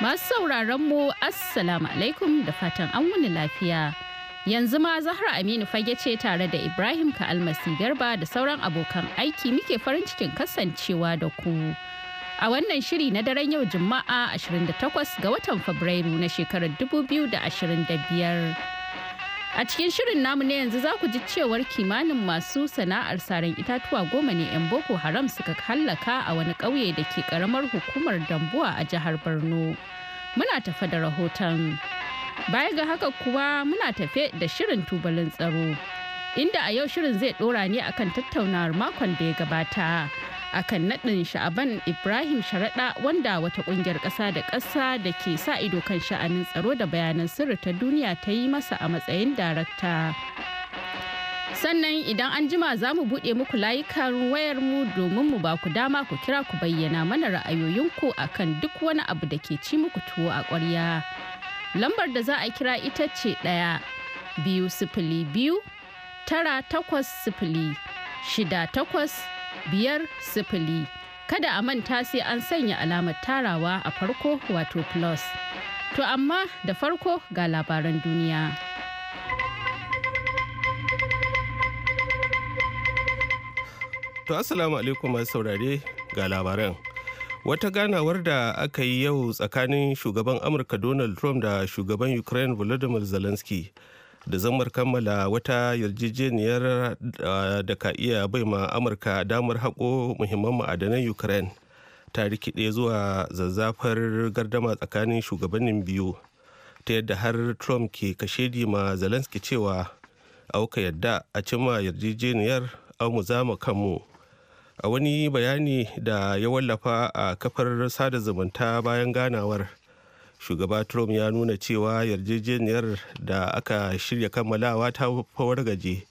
Masu sauraron mu Assalamu alaikum da fatan an wuni lafiya. Yanzu ma Zahra Aminu fage ce tare da Ibrahim Ka'almasi Garba da sauran abokan aiki muke farin cikin kasancewa da ku. A wannan shiri na daren yau Juma'a 28 ga watan Fabrairu na shekarar 2025. A cikin shirin namu na yanzu za ku ji cewar kimanin masu sana'ar saran itatuwa goma ne 'yan Boko Haram suka hallaka a wani ƙauye da ke ƙaramar hukumar Dambuwa a jihar Borno. Muna tafe da rahoton. Baya ga haka kuwa muna tafe da shirin tubalin tsaro. Inda a yau shirin zai ɗora ne akan tattaunawar makon da ya gabata. akan naɗin sha'aban ibrahim sharaɗa wanda wata ƙungiyar ƙasa da ƙasa da ke sa ido kan sha'anin tsaro da bayanan sirri ta duniya ta yi masa a matsayin darakta sannan idan an jima za mu buɗe muku layukan wayar mu domin mu ba ku dama ku kira ku bayyana mana ra'ayoyinku akan duk wani abu da ke ci muku tuwo a ƙwarya lambar da za a kira ita ce ɗaya biyu sifili biyu tara takwas sifili shida takwas biyar sifili kada a manta sai an sanya alamar tarawa a farko wato plus to amma da farko ga labaran duniya to assalamu alaikum masu saurare ga labaran wata ganawar da aka yi yau tsakanin shugaban amurka donald trump da shugaban ukraine volodymyr zelensky da zamar kammala wata yarjejeniyar da ka iya ma amurka damar haƙo muhimman ma'adanan ukraine ta rikide zuwa zazzafar gardama tsakanin shugabannin biyu ta yadda har trump ke kashe ma zelensky cewa auka yadda a cimma yarjejeniyar mu zama kanmu a wani bayani da ya wallafa a kafar sada zumunta bayan ganawar shugaba trump ya nuna cewa yarjejeniyar da aka shirya kammalawa ta fawar gaje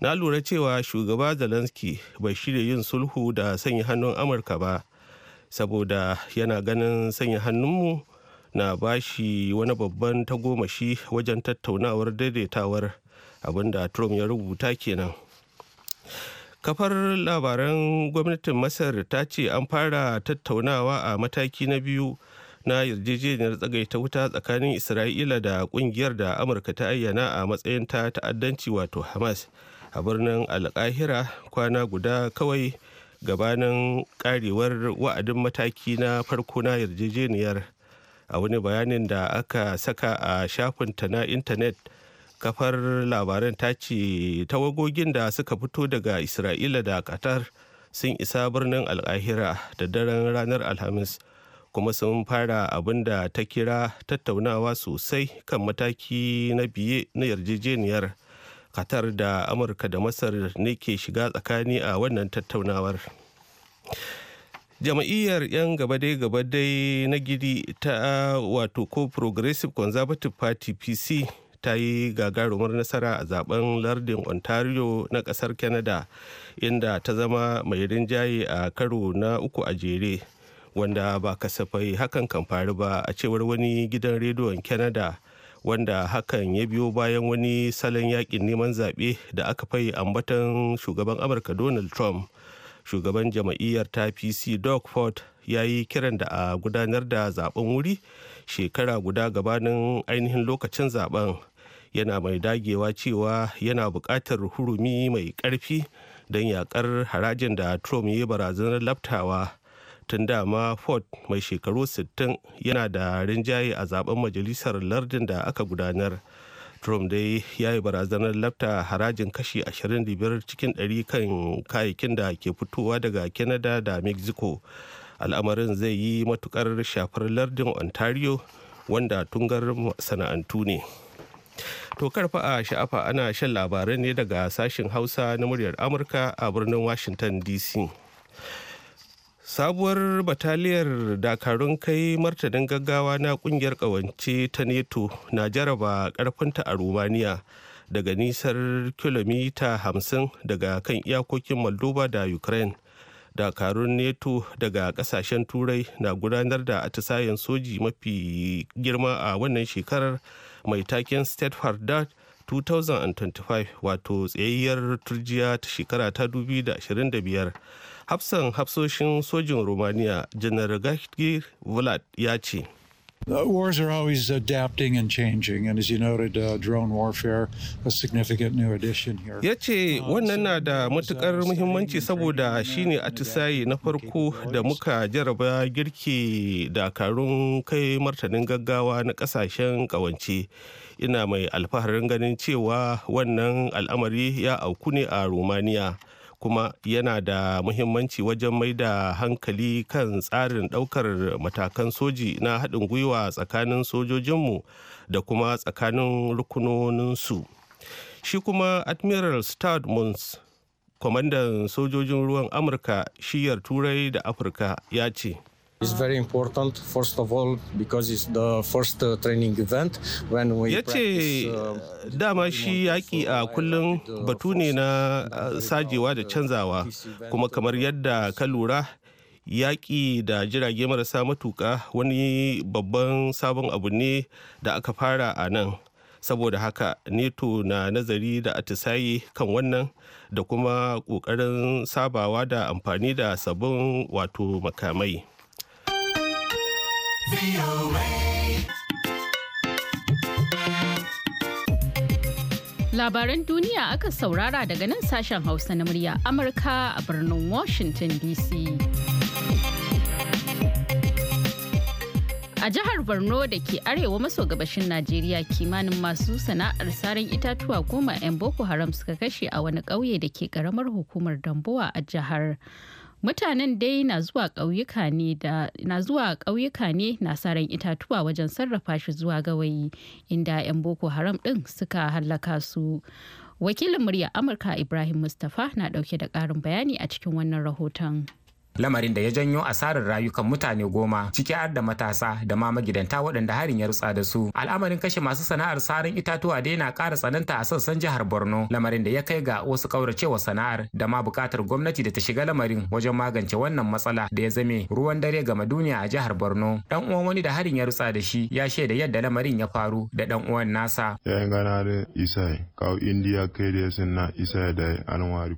na lura cewa shugaba zelensky bai shirya yin sulhu da sanya hannun amurka ba saboda yana ganin sanya hannunmu na ba shi wani babban tagomashi wajen tattaunawar daidaitawar abinda trump ya rubuta kenan kafar labaran gwamnatin masar ta ce an fara tattaunawa a mataki na biyu na yarjejeniyar tsagaita wuta tsakanin isra'ila da kungiyar da amurka ta ayyana a matsayin ta ta'addanci wato hamas a birnin alkahira kwana guda kawai gabanin karewar wa'adin mataki na farko na yarjejeniyar a wani bayanin da aka saka a shafinta na intanet kafar labaran ta ce tawagogin da suka fito daga isra'ila da qatar sun isa birnin alkahira da daren ranar alhamis kuma sun fara abin da ta kira tattaunawa sosai kan mataki na biye na yarjejeniyar qatar da amurka da masar ne ke shiga tsakani a wannan tattaunawar jama'iyyar 'yan gabadai-gabadai na gidi ta wato ko progressive conservative party pc ta yi gagarumar nasara a zaben lardin ontario na kasar canada inda ta zama mai rinjaye a karo na uku a jere wanda ba kasafai hakan kan faru ba a cewar wani gidan rediyon canada wanda hakan ya biyo bayan wani salon yakin neman zaɓe da aka fai ambatan shugaban amurka donald trump shugaban jama'iyyar ta pc doug ford ya yi kiran da a gudanar da zaben wuri shekara guda gabanin ainihin lokacin zaben yana mai dagewa cewa yana buƙatar hurumi mai ƙarfi don yaƙar harajin da trump ya yi barazanar laftawa tun dama ford mai shekaru 60 yana da rinjaye a zaben majalisar lardin da aka gudanar trump dai ya yi barazanar lafta harajin kashi 25 cikin 100 kan kayayyakin da ke fitowa daga canada da mexico al'amarin zai yi matukar shafar lardin ontario wanda tungar sana'antu ne to karfa a sha'afa ana shan labarai ne daga sashen hausa na muryar amurka a birnin washington dc sabuwar bataliyar dakarun kai martanin gaggawa na kungiyar kawance ta neto na jaraba karfinta a rumaniya daga nisar kilomita hamsin daga kan iyakokin moldova da ukraine dakarun neto daga kasashen turai na gudanar da atisayen soji mafi girma a wannan shekarar mai taken state 2025 wato tsayayyar turjiya ta shekara ta 2025 hafsan hafsoshin sojin romania janar gahgir vlad ya ce wars adapting and changing, and as you uh, significant new Ya ce uh, wannan na da uh, matukar muhimmanci saboda shine atisaye na farko da muka jaraba girki dakarun kai martanin gaggawa na kasashen kawance. Ina mai alfaharin ganin cewa wannan al'amari ya auku ne a Romania. kuma yana da muhimmanci wajen mai da hankali kan tsarin ɗaukar matakan soji na haɗin gwiwa tsakanin sojojinmu da kuma tsakanin rukunoninsu shi kuma admiral stuart muns kwamandan sojojin ruwan amurka shiyar turai da afirka ya ce Uh, yace ce uh, eh, dama shi yaƙi a kullum batu ne na uh, sajewa da canzawa kuma kamar yadda ka lura yaƙi da jirage marasa matuƙa wani babban sabon abu ne da aka fara a nan saboda haka neto na nazari da atisaye kan wannan da kuma ƙoƙarin sabawa da amfani da sabon wato makamai. Labaran duniya aka saurara daga nan sashen Hausa na murya Amurka a birnin Washington DC. A jihar Borno da ke arewa maso gabashin Najeriya kimanin masu sana'ar saran itatuwa goma 'yan Boko Haram suka kashe a wani ƙauye da ke ƙaramar hukumar Damboa a jihar. mutanen dai na zuwa ƙauyuka ne na zuwa ƙauyuka saran itatuwa wajen sarrafa shi zuwa gawayi inda 'yan boko haram ɗin suka hallaka su wakilin murya amurka ibrahim mustapha na ɗauke da ƙarin bayani a cikin wannan rahoton lamarin da ya janyo asarar rayukan mutane goma ciki har da matasa da ma magidanta waɗanda harin ya rutsa da su al'amarin kashe masu sana'ar sarin itatuwa dai na ƙara tsananta a sassan jihar borno lamarin da ya kai ga wasu ƙauracewa sana'ar da ma buƙatar gwamnati da ta shiga lamarin wajen magance wannan matsala da ya zame ruwan dare ga duniya a jihar borno dan uwan wani da harin ya rutsa da shi ya shaida yadda lamarin ya faru da dan uwan nasa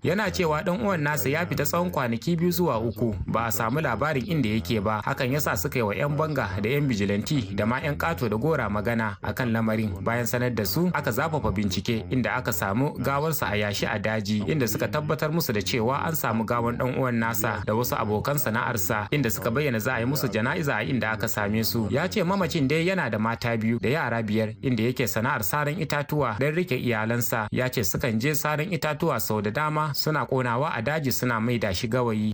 yana cewa dan uwan nasa ya fita tsawon kwanaki biyu zuwa uku farko ba a samu labarin inda yake ba hakan yasa suka yi wa 'yan banga da 'yan bijilanti da ma 'yan kato da gora magana akan lamarin bayan sanar da su aka zafafa bincike inda aka samu gawarsa a yashi a daji inda suka tabbatar musu da cewa an samu gawar dan uwan nasa da wasu abokan sana'arsa inda suka bayyana za a yi musu jana'iza a inda aka same su ya ce mamacin dai yana da mata biyu da yara biyar inda yake sana'ar saran itatuwa don rike iyalansa ya ce sukan je saran itatuwa sau da dama suna konawa a daji suna mai da shi gawayi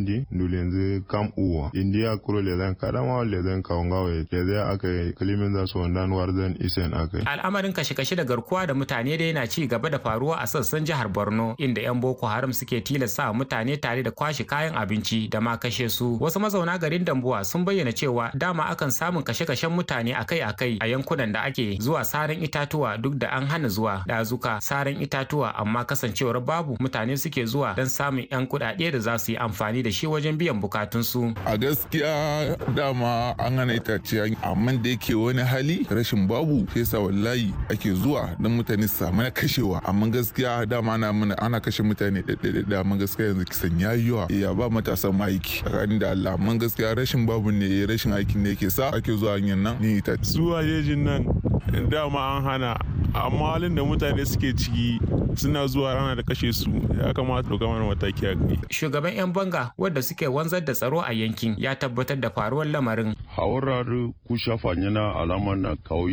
indi nulenze kam uwa indi ya kuro kadama ake kilimin za su isen ake al'amarin kashe-kashe da garkuwa da mutane da na ci gaba da faruwa a sassan jihar borno inda 'yan boko haram suke tilasta mutane tare da kwashe kayan abinci da ma kashe su wasu mazauna garin dambuwa sun bayyana cewa dama akan samun kashe-kashen mutane akai-akai a yankunan da ake zuwa saran itatuwa duk da an hana zuwa dazuka saran itatuwa amma kasancewar babu mutane suke zuwa don samun 'yan kuɗaɗe da za su yi amfani da da shi wajen biyan bukatunsu. A gaskiya dama an hana itace amma da yake wani hali rashin babu shi yasa wallahi ake zuwa don mutane su samu na kashewa amma gaskiya dama ana mana ana kashe mutane da amma gaskiya yanzu kisan ya yi yawa ya ba matasa aiki tsakanin da Allah amma gaskiya rashin babu ne rashin aikin ne yake sa ake zuwa hanyar nan ni itace. Zuwa jejin nan dama an hana amma halin da mutane suke ciki suna zuwa rana da kashe su ya kamata da mataki a kai. Shugaban 'yan banga wadda suke wanzar da tsaro a yankin ya tabbatar da faruwar lamarin. na kawo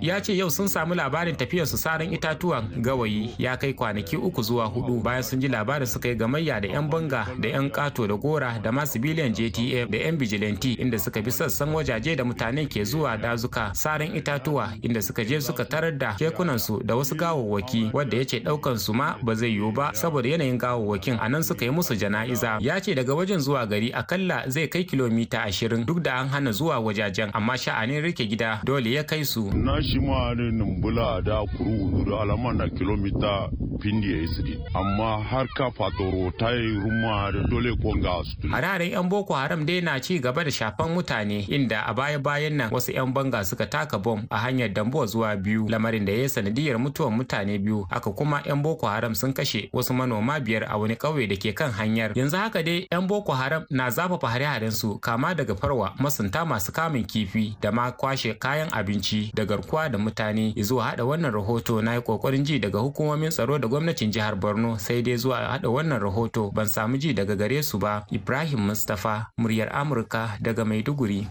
Ya ce yau sun samu labarin tafiyar su saran itatuwan gawayi ya kai kwanaki uku zuwa hudu bayan sun ji labarin suka yi gamayya da 'yan banga da 'yan kato da gora da masu biliyan JTA da 'yan bijilanti inda suka bi sassan wajaje da mutanen ke zuwa dazuka saran itatuwa inda suka je suka tarar da kekunansu da wasu gawawwaki wadda ya ce daukan su ma ba zai yiwu ba saboda yanayin gawawwakin a nan suka yi musu jana'iza ya ce daga wajen zuwa gari akalla zai kai kilomita ashirin duk da an hana zuwa wajajen amma sha'anin rike gida dole ya kai su na shi ma ne numbula da kuru da alama na kilomita pindi ya isi amma har ka fatoro ta yi ruma da dole ga su hararen yan boko haram dai na ci gaba da shafan mutane inda a baya bayan nan wasu yan banga suka taka bom a hanyar dambuwa zuwa biyu lamarin da ya sanadiyar mutuwar mutane biyu aka kuma yan boko haram sun kashe wasu manoma biyar a wani ƙauye da ke kan hanyar yanzu haka dai 'yan boko haram na zafafa hare-haren su kama daga farwa masunta masu kamun kifi da ma kwashe kayan abinci da garkuwa da mutane zuwa hada wannan rahoto na yi kokarin ji daga hukumomin tsaro da gwamnatin jihar borno sai dai zuwa hada wannan rahoto ban samu ji daga gare su ba ibrahim mustapha muryar amurka daga maiduguri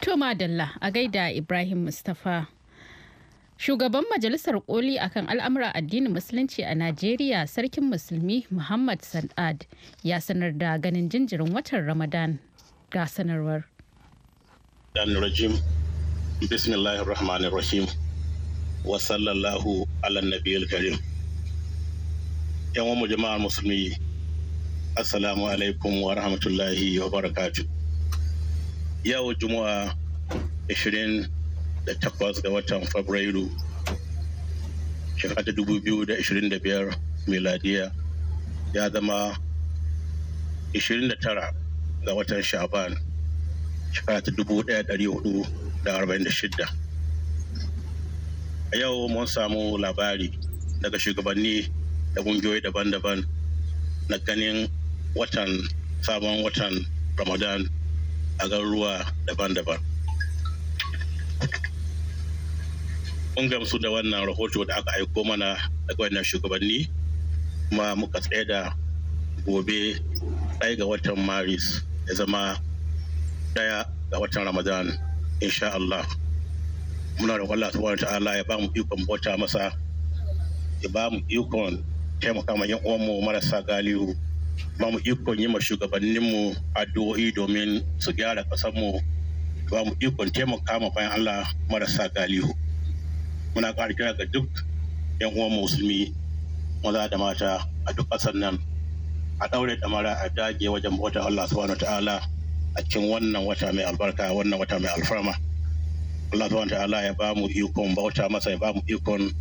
To Madalla a gaida Ibrahim Mustapha. Shugaban Majalisar Koli akan al'amuran addinin Musulunci a Najeriya Sarkin Musulmi Muhammad Sanad ya sanar da ganin jinjirin watan Ramadan ga sanarwar. Bismillahirrahmanirrahim. Wa sallallahu ala nabiyil karim. Yan mu jama'ar musulmi Assalamu alaikum wa rahmatullahi wa barakatuh. Yau Juma'a 20 da takwas ga watan fabrairu shekara dubu biyu da ashirin da biyar miladiya ya zama ashirin da tara ga watan sha'ban shekara ta dubu ɗaya dari hudu da arba'in da shidda a yau mun samu labari daga shugabanni da ƙungiyoyi daban-daban na ganin watan sabon watan ramadan a garuruwa daban-daban mun gamsu da wannan rahoto da aka aiko mana daga wannan shugabanni kuma muka tsaye da gobe ɗaya ga watan maris ya zama ɗaya ga watan ramadan insha Allah muna da Allah wani ta'ala ya ba mu ikon bauta masa ya ba mu ikon taimaka ma yan uwanmu marasa galihu ba mu ikon yi ma shugabanninmu addu'o'i domin su gyara ƙasarmu ba mu ikon taimaka ma bayan Allah marasa galihu muna ƙara kira ga duk yan uwan musulmi maza da mata a duk ƙasar nan a ɗaure mara a dage wajen bautar Allah subhanahu wa ta'ala a cikin wannan wata mai albarka wannan wata mai alfarma Allah subhanahu wa ta'ala ya ba mu ikon bauta masa ya ba mu ikon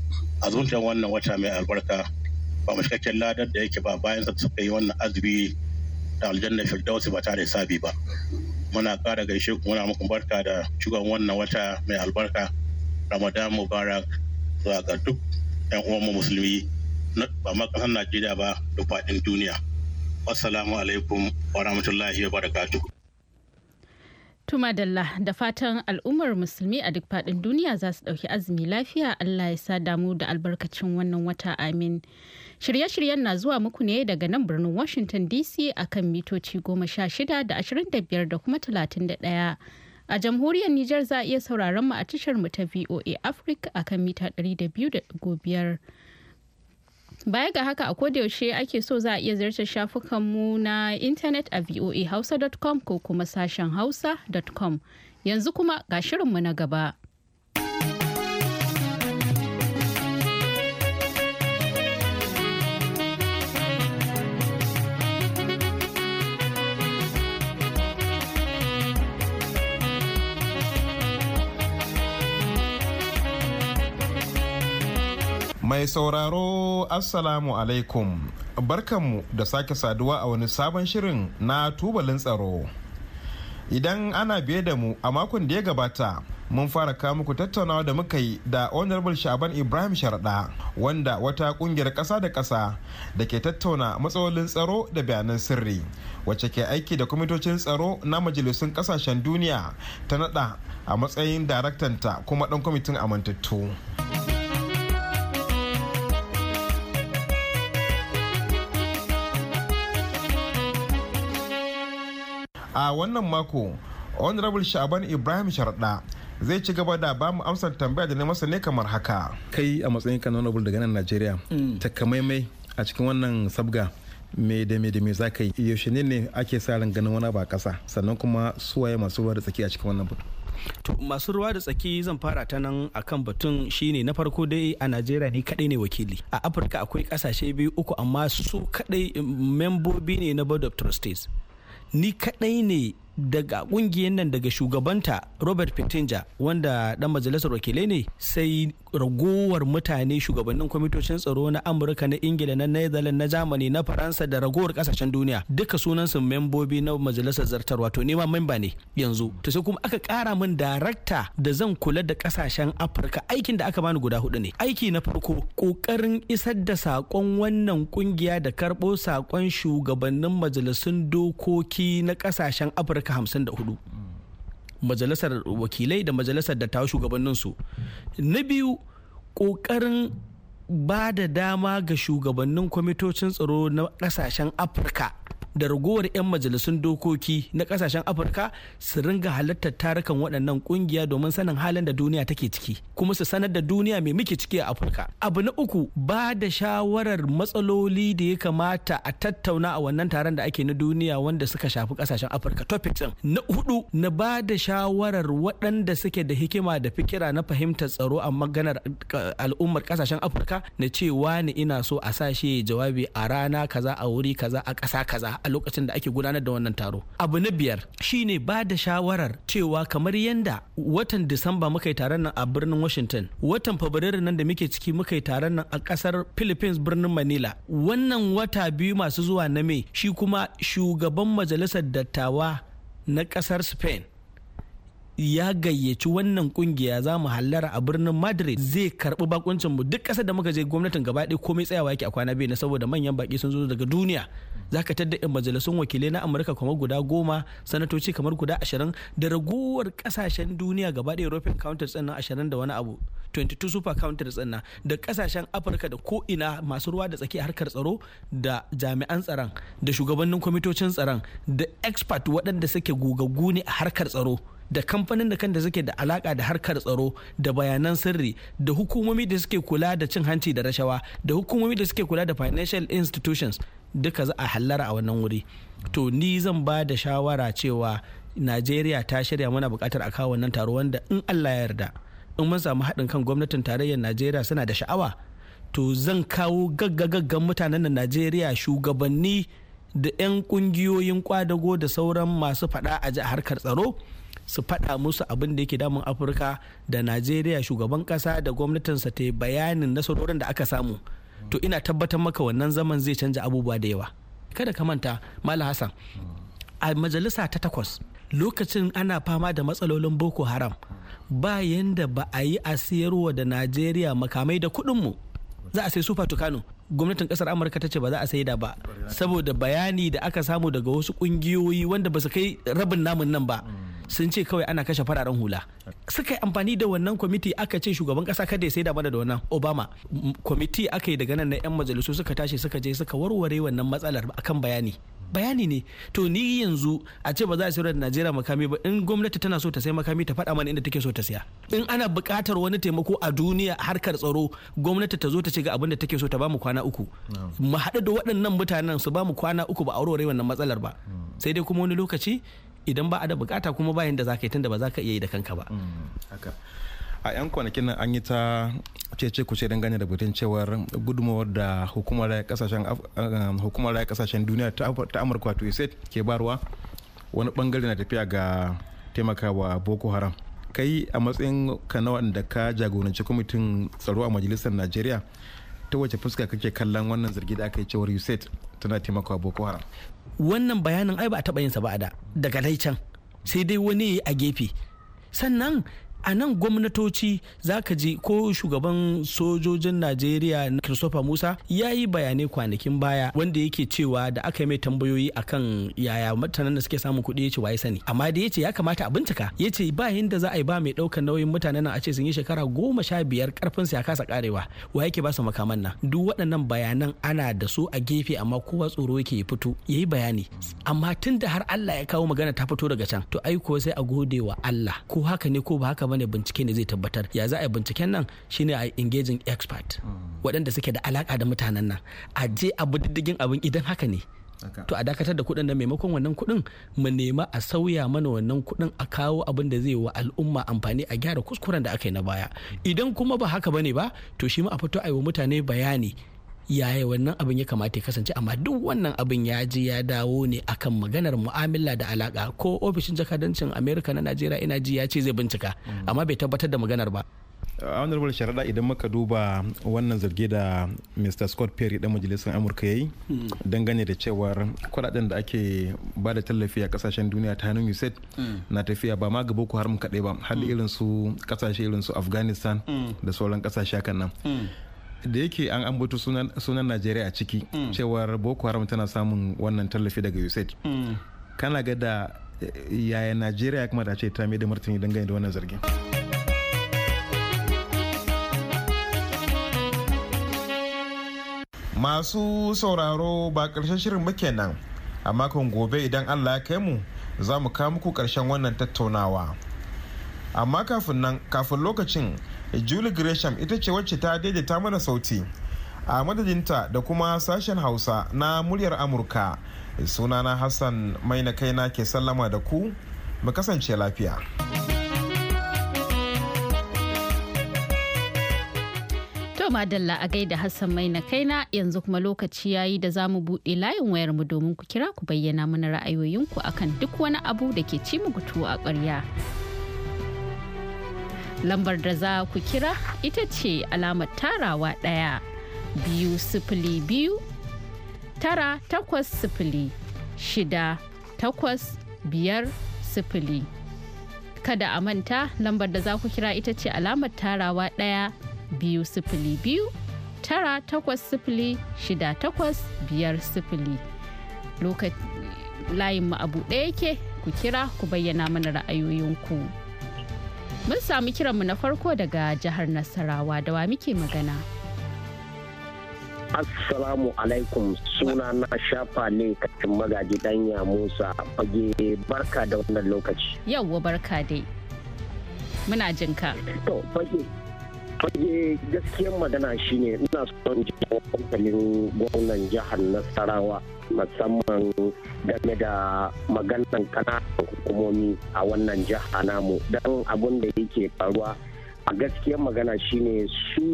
azuntan wannan wata mai albarka ba mu cikakken ladar da yake ba bayan sa suka yi wannan azumi da aljanna firdausi ba tare sabi ba muna ƙara gaishe ku muna muku barka da shugan wannan wata mai albarka ramadan mubarak zuwa ga duk yan uwanmu musulmi ba ma najeriya ba da faɗin duniya wassalamu alaikum wa rahmatullahi wa Tuma Dalla, da fatan al'ummar musulmi a duk faɗin duniya za su ɗauki azumi lafiya Allah ya sa damu da albarkacin wannan wata amin. Shirye-shiryen na zuwa muku ne daga nan birnin Washington DC akan mitoci goma sha shida da ashirin da biyar da kuma talatin da ɗaya. A jamhuriyar Nijar za a iya sauraron mu a tashar mu ta VOA Africa akan mita 200.5. Baya ga haka a yaushe ake so za a iya ziyartar mu na intanet a voahausa.com ko kuma sashen hausa.com. Yanzu kuma ga shirin mu na gaba. Mai sauraro Assalamu alaikum barkanmu da sake saduwa a wani sabon shirin na tubalin tsaro. Idan ana biye da mu a makon da ya gabata mun fara kawo ku tattaunawa da muka yi da Honorable Shaban Ibrahim Sharda wanda wata kungiyar kasa da kasa da ke tattauna matsalolin tsaro da bayanan sirri wacce ke aiki da kwamitocin tsaro na majalisun kasashen duniya ta nada a matsayin daraktanta kuma dan kwamitin amintattu. wannan mako honorable shaban ibrahim sharda zai ci gaba da mu amsar tambaya da na masa ne kamar haka kai a matsayin kan honorable daga nan najeriya mm. takamaimai a cikin wannan sabga me da me da me za ka yi yaushe ne ne ake sa ran ganin wani ba kasa sannan kuma suwaye masu ruwa da tsaki a cikin wannan batu to masu ruwa da tsaki zan fara ta nan akan batun shine na farko dai a najeriya ne kadai ne wakili a afirka akwai kasashe biyu uku amma su kadai mm, membobi ne na board of trustees ni kaɗai ne daga kungiyar nan daga shugabanta robert pittinger wanda dan majalisar wakilai ne sai ragowar mutane shugabannin kwamitocin tsaro na amurka na ingila na netherlands na germany na faransa da ragowar kasashen duniya duka sunansu membobi na majalisar zartar wato nema memba ne yanzu to sai kuma aka kara min darakta da zan kula da kasashen afirka aikin da aka bani guda hudu ne aiki na farko kokarin isar da sakon wannan kungiya da karbo sakon shugabannin majalisun dokoki na kasashen afirka amurka 54 majalisar wakilai da majalisar dattawan shugabanninsu na biyu ƙoƙarin ba da dama ga shugabannin kwamitocin tsaro na ƙasashen afirka da ragowar 'yan majalisun dokoki na kasashen afirka su ringa halartar tarukan waɗannan kungiya domin sanin halin da duniya take ciki kuma su sanar da duniya mai muke ciki a afirka abu na uku ba da shawarar matsaloli da ya kamata a tattauna a wannan taron da ake na duniya wanda suka shafi kasashen afirka din na hudu na ba da shawarar waɗanda suke da hikima da fikira na fahimtar tsaro a maganar al'ummar kasashen afirka na cewa ne ina so a sashe jawabi a rana kaza a wuri kaza a ƙasa kaza a lokacin da ake gudanar da wannan taro abu na biyar shine ba da shawarar cewa kamar yadda watan disamba muka yi taron nan a birnin washington watan fabrairu nan da muke ciki muka yi taron nan a kasar philippines birnin manila wannan wata biyu masu zuwa na mai shi kuma shugaban majalisar dattawa na kasar spain ya gayyaci wannan kungiya za mu hallara a birnin madrid zai karbi bakuncin mu duk kasar da muka je gwamnatin gaba ɗaya komai tsayawa yake a kwana biyu na saboda manyan baki sun zo daga duniya ka tadda in majalisun wakilai na amurka kamar guda goma sanatoci kamar guda ashirin da ragowar kasashen duniya gaba ɗaya european counter ɗin ashirin da wani abu 22 super counter ɗin da kasashen afirka da ko ina masu ruwa da tsaki a harkar tsaro da jami'an tsaron da shugabannin kwamitocin tsaron da expert waɗanda suke gogaggu ne a harkar tsaro da kamfanin da kanta suke da alaka da harkar tsaro da bayanan sirri da hukumomi da suke kula da cin hanci da rashawa da hukumomi da suke kula da financial institutions duka za a hallara a wannan wuri to ni zan ba da shawara cewa najeriya ta shirya mana bukatar a kawo wannan taro wanda in allah ya yarda in mun samu haɗin kan gwamnatin tarayyar najeriya suna da sha'awa to zan kawo gaggagaggan mutanen na najeriya shugabanni da 'yan kungiyoyin kwadago da sauran masu fada a harkar tsaro su faɗa musu abin da yake damun afirka da najeriya shugaban kasa da gwamnatinsa ta yi bayanin nasarorin da aka samu to ina tabbatar maka wannan zaman zai canza abubuwa da yawa kada ka manta malam hassan a majalisa ta takwas lokacin ana fama da matsalolin boko haram ba yanda ba a yi a siyarwa da najeriya makamai da kuɗinmu za a sai super tukano gwamnatin kasar amurka ta ce ba za a saida ba saboda bayani da aka samu daga wasu ƙungiyoyi wanda ba su kai rabin namun nan ba sun ce kawai ana kashe fararen hula suka yi amfani da wannan kwamiti aka ce shugaban kasa kada ya sai da mana da wannan obama kwamiti aka yi daga nan na 'yan majalisu suka tashi suka je suka warware wannan matsalar akan bayani bayani ne to ni yanzu a ce ba za a sayar da najeriya makami ba in gwamnati tana so ta sai makami ta faɗa mana inda take so ta siya in ana buƙatar wani taimako a duniya harkar tsaro gwamnati ta zo ta shiga abin da take so ta bamu kwana uku mu haɗu da waɗannan mutanen su bamu kwana uku ba a warware wannan matsalar ba hmm. sai dai kuma wani lokaci idan ba a da bukata kuma ba yanda za ka yi tunda ba za ka iya yi da kanka ba mm, a 'yan kwanakin nan an yi ta cece ce dangane da batun cewar gudunmawar da hukumar kasashen um, kasashen duniya ta amurka wato usaid ke barwa wani bangare na tafiya ga taimakawa boko haram kai a matsayin ka da ka jagoranci kwamitin tsaro a majalisar najeriya ta wace fuska kake kallon wannan zargi da aka yi cewar usaid tana taimakawa boko haram wannan bayanin ai ba a taɓa yinsa ba a da daga dai can sai dai wani a gefe sannan a nan gwamnatoci za ka ji ko shugaban sojojin najeriya na christopher musa ya yi bayanai kwanakin baya wanda yake cewa da aka yi mai tambayoyi akan yaya mutanen da suke samun kuɗi ya ce wa ya sani amma da ya ce ya kamata a bincika ya ce ba yadda za a yi ba mai ɗaukar nauyin mutanen nan a ce sun yi shekara goma sha biyar karfin ya kasa karewa wa yake ba su makaman nan duk waɗannan bayanan ana da su a gefe amma kowa tsoro yake fito ya yi bayani amma tun da har Allah ya kawo magana ta fito daga can to ai ko sai a gode wa Allah ko haka ne ko ba haka ba bane bincike ne zai tabbatar ya za a yi binciken nan shine a engaging expert waɗanda suke da alaka da mutanen nan a je a bi diddigin abin idan haka ne to a dakatar da kuɗin nan maimakon wannan kuɗin mu nema a sauya mana wannan kuɗin a kawo abin da zai wa al'umma amfani a gyara kuskuren da aka yi na baya idan kuma ba haka bane ba to shi ma a fito a yi wa mutane bayani yaya wannan abin ya kamata ya kasance amma duk wannan abin ya je ya dawo ne akan maganar mu'amala da alaka ko ofishin jakadancin amerika na najeriya ina ji ya ce zai bincika mm. amma bai tabbatar da maganar ba a uh, honorable sharaɗa idan muka duba wannan zarge da mr scott perry dan majalisar amurka ya yi hmm. dangane da cewar kudaden da ake ba da tallafi a kasashen duniya ta hannun usaid hmm. na tafiya ba ma ga boko haram kaɗai ba hali hmm. irin su kasashe irin su afghanistan da sauran kasashe hakan nan da yake an ambato sunan najeriya a ciki hmm. cewar boko haram tana samun wannan tallafi daga usaid hmm. kana ga da eh, yaya najeriya ya kamata ce ta mai da don dangane da wannan zargin masu sauraro ba ƙarshen shirin muke nan a makon gobe idan allah ya kai mu za mu kawo muku ƙarshen wannan tattaunawa amma kafin kafin lokacin julie gresham ita ce wacce ta daidaita mana sauti a madadinta da kuma sashen hausa na muryar amurka sunana hassan mai na kaina ke sallama da ku mu kasance lafiya To madalla a gaida Hassan mai na kaina yanzu kuma lokaci yayi da zamu buɗe layin wayarmu domin ku kira ku bayyana mana ra'ayoyinku akan duk wani abu da ke ci mu gutu a ƙarya. lambar da za ku kira ita ce alamar tarawa ɗaya biyu sifili biyu tara takwas sifili shida takwas biyar sifili kada a manta lambar da za ku kira ita ce alamar tarawa ɗaya biyu sifili biyu tara takwas sifili shida takwas biyar sifili layin mu abu ɗaya yake ku kira ku bayyana mana ra'ayoyinku. Mun samu kiranmu na farko daga jihar Nasarawa da wa muke magana. Assalamu alaikum suna na shafa ne kacin magaji danya Musa fage barka da wannan lokaci. Yawwa barka dai. Muna jinka. To fage fage gaskiyar magana shine ina son jawo hankalin gwamnan jihar nasarawa musamman game da maganan kananan hukumomi a wannan jiha namu don abin da yake faruwa a gaskiyar magana shine su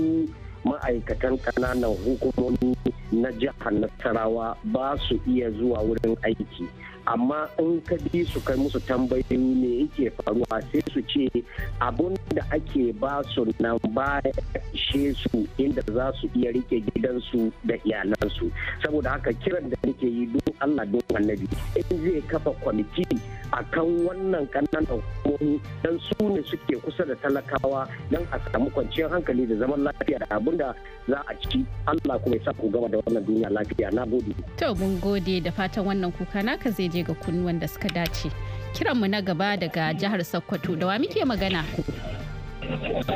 ma'aikatan kananan hukumomi na jihar nasarawa ba su iya zuwa wurin aiki amma in ka bi su kai musu tambayoyi ne yake faruwa sai su ce abun da ake ba su nan ba ya su inda za su iya rike gidansu da iyalansu saboda haka kiran da nake yi don Allah don annabi in zai kafa kwamiti a kan wannan kanan hukumomi don su ne suke kusa da talakawa don a samu kwanciyar hankali da zaman lafiya da abin da za a ci Allah kuma ya sa ku gama da wannan duniya lafiya na gode. To mun gode da fatan wannan kuka naka zai je ga kunnuwan da suka dace. Kiranmu na gaba daga jihar Sokoto da wa muke magana?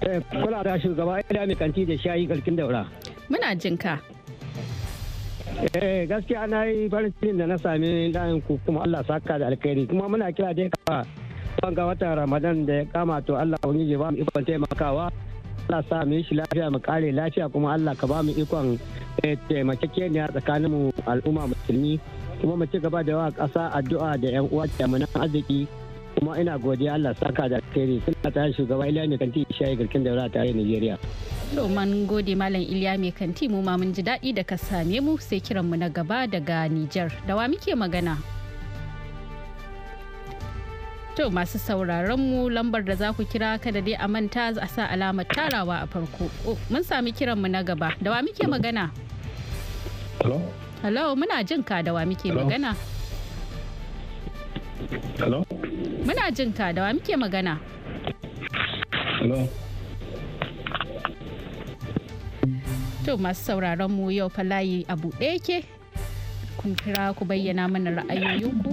Eh, kula da shugaba ina mai kanti da shayi galkin daura. Muna jinka. Eh gaskiya na yi farin ciki da na sami layin ku kuma Allah saka da alkhairi kuma muna kira dai ka ban ga watan Ramadan da ya kama to Allah ya yi ba mu ikon taimakawa Allah sa mu shi lafiya mu kare lafiya kuma Allah ka ba mu ikon eh, taimakekeniya tsakanin mu al'umma musulmi kuma mu ci gaba da wa ƙasa addu'a da 'yan uwa da munan arziki kuma ina godiya Allah saka da alkhairi suna tare shugaba Iliya ne kan tishi shayi garkin da tare Najeriya. To man gode Malam Iliya mai kanti mu ma mun ji daɗi da ka same mu sai kiran mu na gaba daga Nijar. Da wa muke magana? To masu sauraron mu lambar da za ku kira kada dai a manta a sa alamar tarawa a farko. Mun sami kiran mu na gaba. Da wa muke magana? Hello? Hello, muna jin ka da wa muke magana? Hello? Muna jin ka da wa muke magana? Hello? To masu sauraron mu yau fa layi a buɗe yake. Kun kira ku bayyana mana ra'ayoyinku.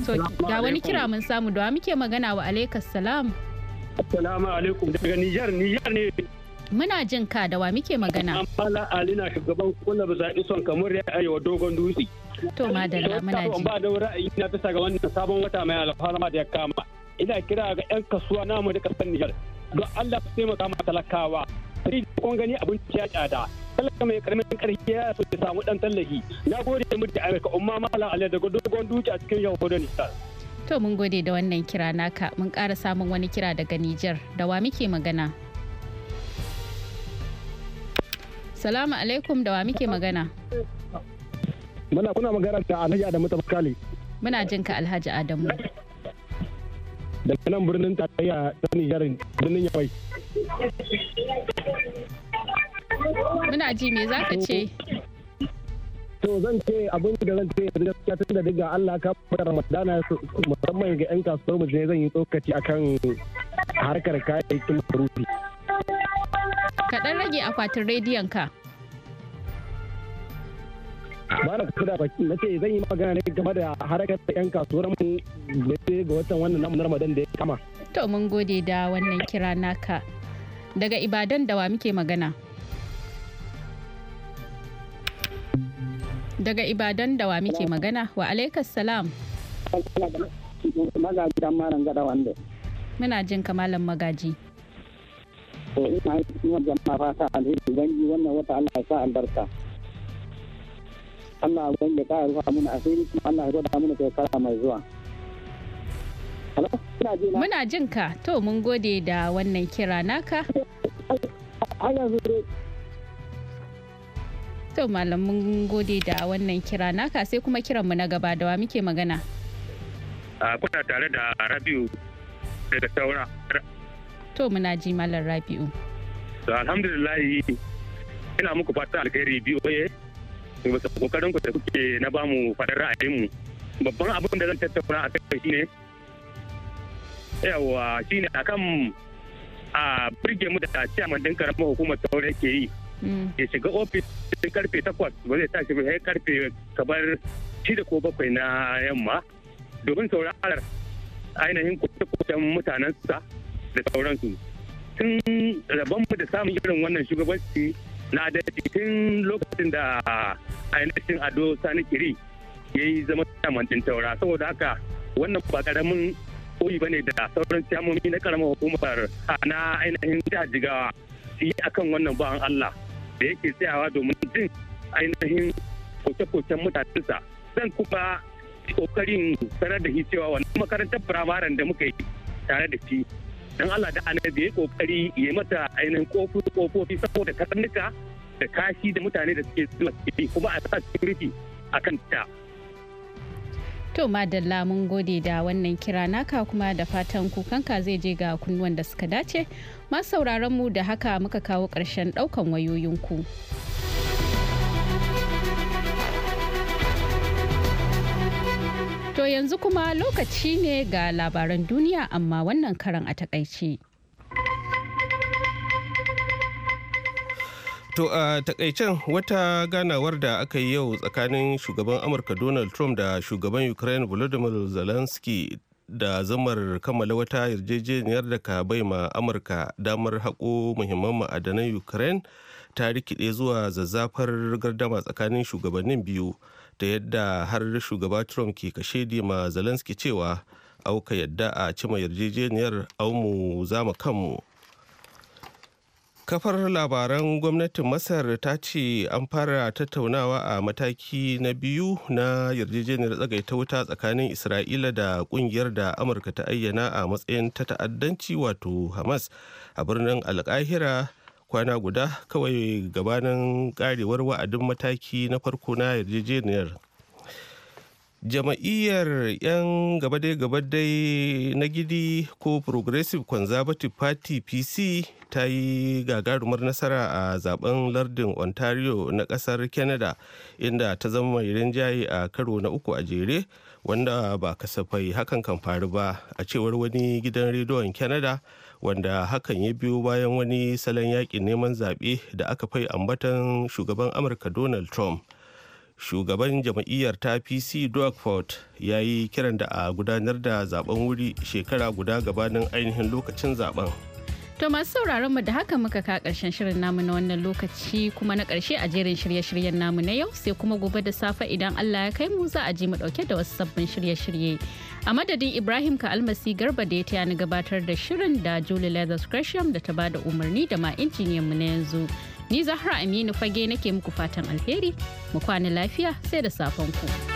So ga wani kira mun samu da muke magana wa alaikas salam. Assalamu alaikum daga Nijar Nijar ne. Muna jin ka da wa muke magana. Amala Alina shugaban kula ba zaɓi son kamar ya wa dogon dutse. To madalla muna ji. Ba da ra'ayi na bisa ga wannan sabon wata mai alfahari ma da ya kama. Ina kira ga 'yan kasuwa namu da kasar Nijar. Don Allah su taimaka ma talakawa. Sai kun gani abinci ya tsada. talaka mai karamin karfi ya so ya samu dan tallafi na gode da mutu amurka umma malam ali daga dogon duki a cikin yahudu nisa to mun gode da wannan kira naka mun ƙara samun wani kira daga niger da wa muke magana salamu alaikum da wa muke magana muna kuna magana da alhaji adamu tabakali muna jin ka alhaji adamu daga nan birnin tarayya ta niger birnin yawai muna ji me za ka ce to zan ce abin da zan ce da gaskiya tun da diga Allah ka fara Ramadana musamman ga yan kasuwar mu zan yi tsokaci akan harkar kayayyakin masarufi ka dan rage akwatin rediyon ka ba na da baki na ce zan yi magana ne game da harkar yan kasuwar mu da ga watan wannan namu Ramadan da ya kama to mun gode da wannan kira naka daga Ibadan da wa muke magana daga ibadan da wa muke magana wa alaikas salam muna jin ka magaji muna jin ka to mun gode da wannan kira naka To malamin gode da wannan kira naka sai kuma kiranmu na gaba da wa muke magana. A ah, kuna tare da Rabiu daga saura. To muna ji malam Rabiu. To alhamdulillah ina muku fata alkhairi biyu oye. kokarin ku da kuke na bamu faɗar ra'ayinmu. Babban abin da zan tattauna a kai shine yawa shine akan a ah, birge mu da ciyaman din karamar hukumar taurari ke yi ya shiga ofis sai karfe takwas ba zai tashi ba sai karfe kamar shida ko bakwai na yamma domin sauraron ainihin kuce mutanen mutanensa da sauransu tun rabonmu da samun irin wannan shugabanci na da tun lokacin da ainihin ado sani kiri ya yi zama tamantin taura saboda haka wannan ba karamin koyi ba ne da sauran siyamomi na karamar hukumar na ainihin jihar jigawa su yi akan wannan ba'an allah da yake tsayawa domin jin ainihin koke-koken mutanensa zan kuma kokarin sanar da shi cewa wannan makarantar firamaren da muka yi tare da shi don Allah da ana da ya kokari ya mata ainihin kofofi saboda karnuka da kashi da mutane da suke zuwa kuma a sa security a kan ta To madalla mun gode da wannan kira naka kuma da fatan kukanka zai je ga kunnuwan da suka dace Masu sauraron mu da haka muka kawo ƙarshen ɗaukan wayoyinku. To yanzu kuma lokaci ne ga labaran duniya amma wannan karan a takaice. To a takaicen wata ganawar da aka yi yau tsakanin shugaban Amurka Donald Trump da shugaban Ukraine Volodymyr Zelensky da zamar kammala wata yarjejeniyar da ka bai ma amurka damar haƙo muhimman ma'adanan ukraine ta rikide zuwa zazzafar gardama tsakanin shugabannin biyu da yadda har shugaba trump ke kashe ma zelensky cewa auka yadda a cima yarjejeniyar aumu zama kanmu kafar labaran gwamnatin masar ta ce an fara tattaunawa a mataki na biyu na yarjejeniyar tsagaita wuta tsakanin isra'ila da kungiyar da amurka ta ayyana a matsayin ta ta'addanci wato hamas a birnin alkahira kwana guda kawai gabanin karewar wa'adin mataki na farko na yarjejeniyar jama'iyyar 'yan gabadai-gabadai na gidi ko progressive conservative party pc ta yi gagarumar nasara a zaben lardin ontario na kasar canada inda ta zama mai rinjaye a karo na uku a jere wanda ba kasafai hakan kan faru ba a cewar wani gidan rediyon canada wanda hakan ya biyo bayan wani salon yakin neman zaɓe da aka fai ambatan shugaban amurka donald trump shugaban jam'iyyar ta pc dogford ya yi kiran da a gudanar da zaben wuri shekara guda gabanin ainihin lokacin zaben to masu sauraron mu da haka muka ka karshen shirin namu na wannan lokaci kuma na karshe a jerin shirye-shiryen namu na yau sai kuma gobe da safe idan allah ya kai mu za a ji mu dauke da wasu sabbin shirye-shirye a madadin ibrahim ka almasi garba da ya taya ni gabatar da shirin da julie leather gresham da ta bada umarni da ma injiniyan mu na yanzu Ni Zahra Aminu Fage nake muku fatan alheri, mu kwana lafiya sai da safen ku.